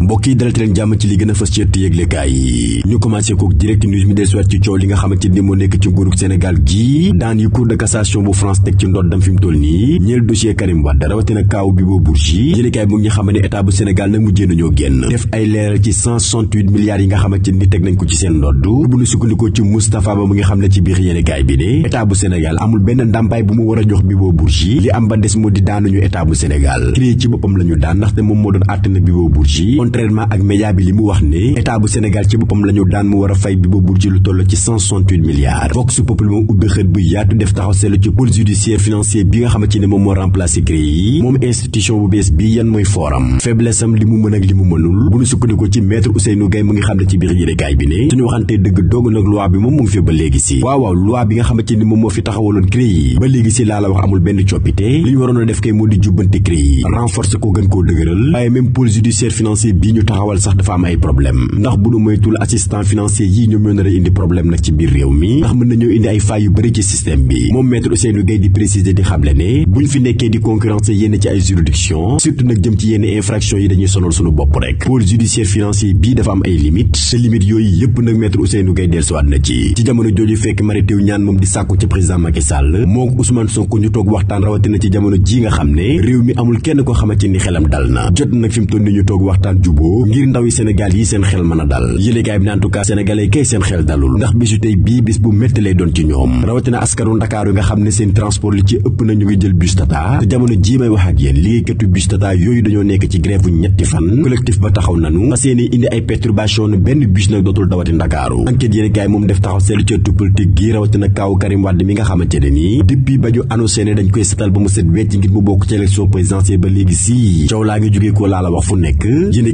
mbokk yi dalati leen jàmm ci li gën a fës yëglekaay yi ñu commencé ko direct news mi del soit ci coow li nga xamante ni moo nekk ci nguurug Sénégal gii daan yi cour de cassation bu France teg ci ndoddam fi mu toll nii ñeel dossier Karim Wade rawatina kaaw bi boo Bourgi yëlekaay bi mu ngi xam ne état bu Sénégal nag mujjee nañoo génn def ay leeral ci milliards yi nga xamante ni teg nañ ko ci seen ndodd bu ñu sukkandikoo ci Moustapha Ba mu ngi xam ne ci biir yëlekaay bi mu war a jox bi boo Bourgi li am ba des moo di daanuñu état bu Sénégal ci boppam la ñu daan ndaxte moom moo contrairement ak média bi li mu wax ne état bu Sénégal ci boppam la daan mu war a fay bi ba bur ci lu toll ci 168 milliards Vox Populi moom ubbi xët bu yaatu def taxaw seetlu ci pôle judiciaire financier bi nga xamante ne moom moo remplacé CREI moom institution bu bees bi yan mooy fooram faiblesse li mu mën ak li mu mënul bu ñu sukkandikoo ci maître Ousseynou Gaye mu ngi xam ne ci biir yéenekaay bi ne suñu waxantee dëgg doogu nag loi bi moom mu ngi fi bi ñu taxawal sax dafa am ay problème ndax bu nu moytul assistant financier yi ñoom ñoo nar a indi problème nag ci biir réew mi ndax mën nañoo indi ay fay yu bëri ci système bi moom maître Ousseynou Gueye di préciser di xamle ne buñ fi nekkee di concurrence yenn ci ay juridiction surtout nag jëm ci yenn infraction yi dañuy sonal suñu bopp rek pôle judiciaire financier bii dafa am ay limite te limite yooyu yépp nag maître Ousseynou Gueye dellusiwaat na ci ci jamono jooju fekk maritéw ñaan moom di sàkku ci président Macky Sall moo ci jamono ji nga xam ne réew mi amul kenn koo xamante ni xelam dal na jot nag fi mu toll ni ñu waxtaan juboo ngir ndawi Sénégal yi seen xel mën a dal yëleekaay bi ne en tout kay seen xel dalul ndax bisu tey bii bis bu métti lay doon ci ñoom rawatina askanu Ndakaar yi nga xam ne seen transport li ci ëpp na ngi jël bus tata te jii may wax ak yéen liggéeykatu yooyu dañoo nekk ci grève ñetti fan collectif ba taxaw nanu fas yéene indi ay perturbation benn bus nag dootul dawati Ndakaaru enquête yëleekaay moom def taxaw seetlu ci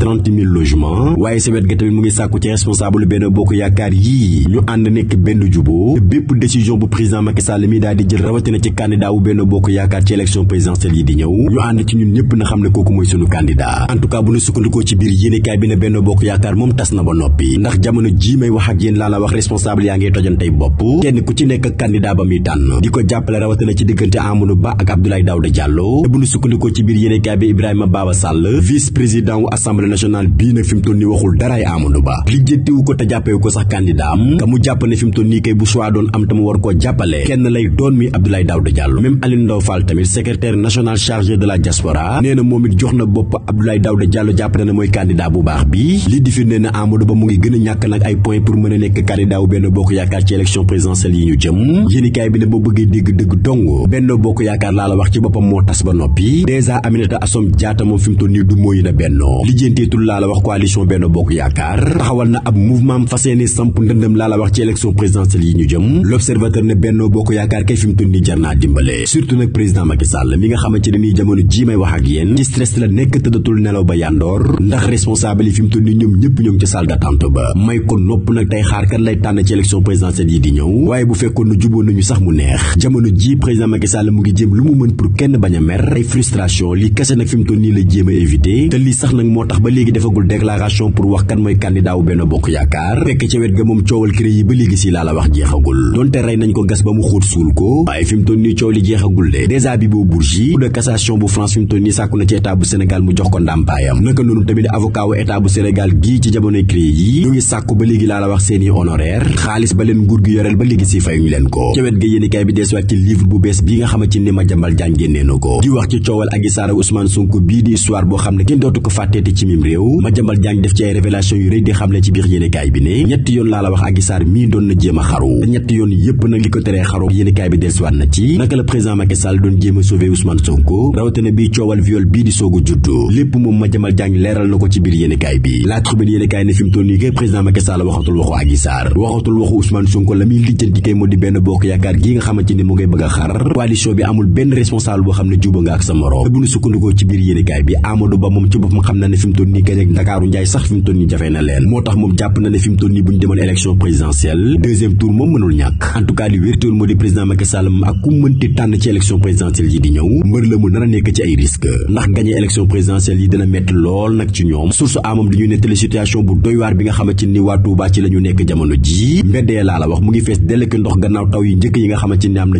trente mille logements waaye sa wet ga mu ngi sàkku ci responsable benn bokk yaakaar yii ñu ànd nekk benn juboo bépp décision bu président Macky Sall mi daal di jël rawatina ci candidat wu bokk yaakaar ci élection présidentielle yi di ñëw ñu ànd ci ñun ñëpp na xam ne kooku mooy sunu candidat en tout cas bu ñu sukkandikoo ci biir yéenekaay bi ne benn bokk yaakaar moom na ba noppi ndax jamono ji may wax ak yéen la wax responsable yaa ngi tojantey bopp kenn ku ci nekk candidat ba muy di ko jàppale rawatina ci diggante Amadou Ba ak Abdoulaye Daouda Diallo te ci biir yéenekaay bi Ibrahima Baba Sall vice président wu assemblée nationale bii nag fi mu nii waxul daraay Amadou Ba lijjëttiwu ko te jàppewu ko sax candidat am ka mu jàpp ne fi mu toll nii kay bu choix doon am te mu war koo jàppale kenn lay doon mi Abdoulaye Daouda Diallo même Aline Ndao Fall tamit secrétaire national chargé de la diaspora nee na moom it jox na bopp Abdoulaye Daouda Diallo jàpp na mooy candidat bu baax bi li di firnde ne Amadou Ba mu ngi gën a ñàkk nag ay point pour mën a nekk candidat wu Benno Bokk Yaakaar ci élection présidentielle wax ci boppam moo tas ba njiitul laa la taxawal na ab mouvement fas yéene samp ndëndëm laa la wax ci élection présidentielle yi ñu jëm l'observateur ne benn bokk yaakaar kay fi mu nii jar dimbale surtout nag président Macky mi nga xamante ne nii jamono ji may wax ak yéen ci la nekk tëddatul nelaw ba yàndoor ndax responsable yi fi mu nii ñoom ñëpp ñoo ngi ci salle ba may ko nopp nag tey xaar lay tànn ci élection présidentielle yi di ñëw waaye bu fekkoon nu jubóon nañu ba léegi defagul déclaration pour wax kan mooy candidat wu benn bokk yaakaar fekk ca ga moom coowal CREI ba léegi si laa la wax jeexagul donte rey nañ ko gas ba mu xóot suul ko waaye fi mu nii coow jeexagul de dèjà bi boo Bourgi Cour de cassation bu France fi mu toll nii sàkku na ci état bu Sénégal mu jox ko ndàmpaayam naka noonu tamit avocat wu état bu Sénégal gii ci jamonoy CREI yi ñu ngi sàkku ba léegi laa la wax seeni honoraire xaalis ba leen nguur gi yoreel ba léegi si fayuñu leen ko boo xam ne kenn dootu ko bitim réew Madiambal Diagne def ci ay révélation yu rëy di xamle ci biir yéenekaay bi ne ñetti yoon laa la wax Adji mii doon na jéem a xaru na ci biir yéenekaay bi ne fi mu toll la muy lijjanti kay moo di benn bokk yaakaar ci biir yéenekaay bi Amadou Ba moom ci boppam xam na ne fi mu toll nii gañ ak Ndakaaru Njaay sax fi mu toll ne fi bu ñu demoon élection présidentielle deuxième tour moom mënul ñàkk en tout cas li wértéwoon moo di président Macky Sall ak ku mënti tànn ci élection présidentielle yi di ñëw mbër la mu nar a nekk ci ay risque ndax gañee élection nag ci ñoom source amam di ñu nettali situation bu doy bi nga xamante ni waa Touba ci la nekk jamono ji mbeddee laa wax mu ngi fees dell ki ndox gannaaw taw yu njëkk yi nga xamante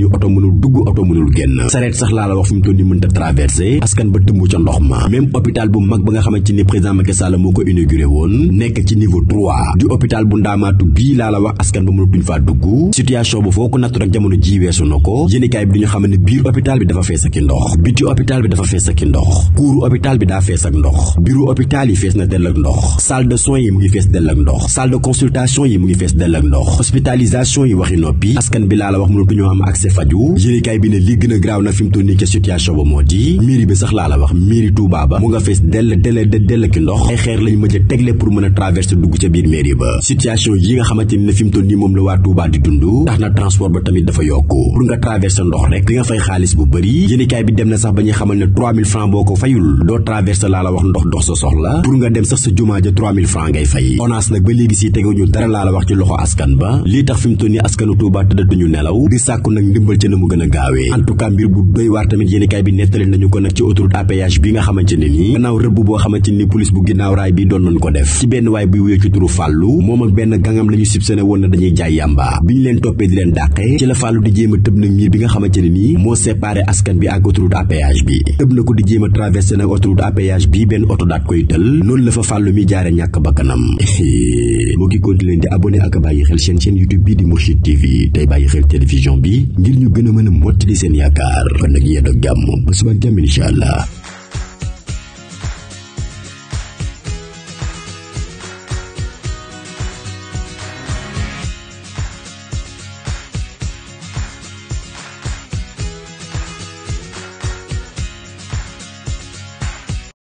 ni oto mënul dugg oto mënul génn sareet sax laa la wax fi mu toll ni mënta traversé askan ba tëmb ca ndox ma même hôpital bu mag ba nga xamante ni président Macky Sall moo ko inauguré woon nekk ci niveau 3 du hôpital bu ndaamaatu bii laa la wax askan ba mënatuñ faa dugg situation bu foo ko nattu rek jamono ji weesu na ko yéenekaay bi duñu xam ne biir hôpital bi dafa fees ak ndox biti hôpital bi dafa fees ak ndox kuuru hôpital bi daa fees ak ndox bureau hôpital yi fees na dell ak ndox salle de soins yi mu ngi fees dell ak ndox salle de consultation yi mu ngi fees dell ak ndox hospitalisation yi waxi noppi askan bi laa la wax mënatuñoo am accès faju yéenekaay bi ne li gën a graaw na fi mu nii ca situation ba moo di mairie bi sax laa la wax mairie Touba mu nga fees dell dell dell ki ndox ay xeer lañ mëj a tegle moom la waa Touba di dund tax na transport ba tamit dafa yokk pour nga traverser ndox rek di nga fay xaalis bu bëri yéenekaay bi dem na sax ba ñuy xamal ne 3000 boo ko fayul doo traverser laa la wax ndox dox sa soxla pour nga dem sax sa jumaa ja 3000 ngay fay ONAS nag ndimbal ca na mu gën a gaawee en tout cas mbir bu doy waar tamit yéenekaay bi nettali nañu ko nag ci autoroute à bi nga xamante ne nii gannaaw rëbb boo xamante ni police bu ginnaaw raay bi doon nañ ko def ci benn waay buy wuyoo ci turu fàllu moom ak benn gangam la ñu sibsene woon na dañuy jaay yàmba bi ñu leen toppee di leen dàqee ci la fàllu di jéem a tëb nag miir bi nga xamante ne nii moo séparé askan bi ak autoroute à péage bi tëb na ko di jéem a traversé nag autoroute à péage bi benn oto daat koy tël noonu la fa mi jaare ñàkk bakkanam moo ngi continué di abonné ak bàyyi xel seen chaîne di Mourchid TV tey bàyyi bi ngir ñu gën a mën a mottali seen yaakaar kon nag yéen ak jàmm ba suba ak jàmm incha allah.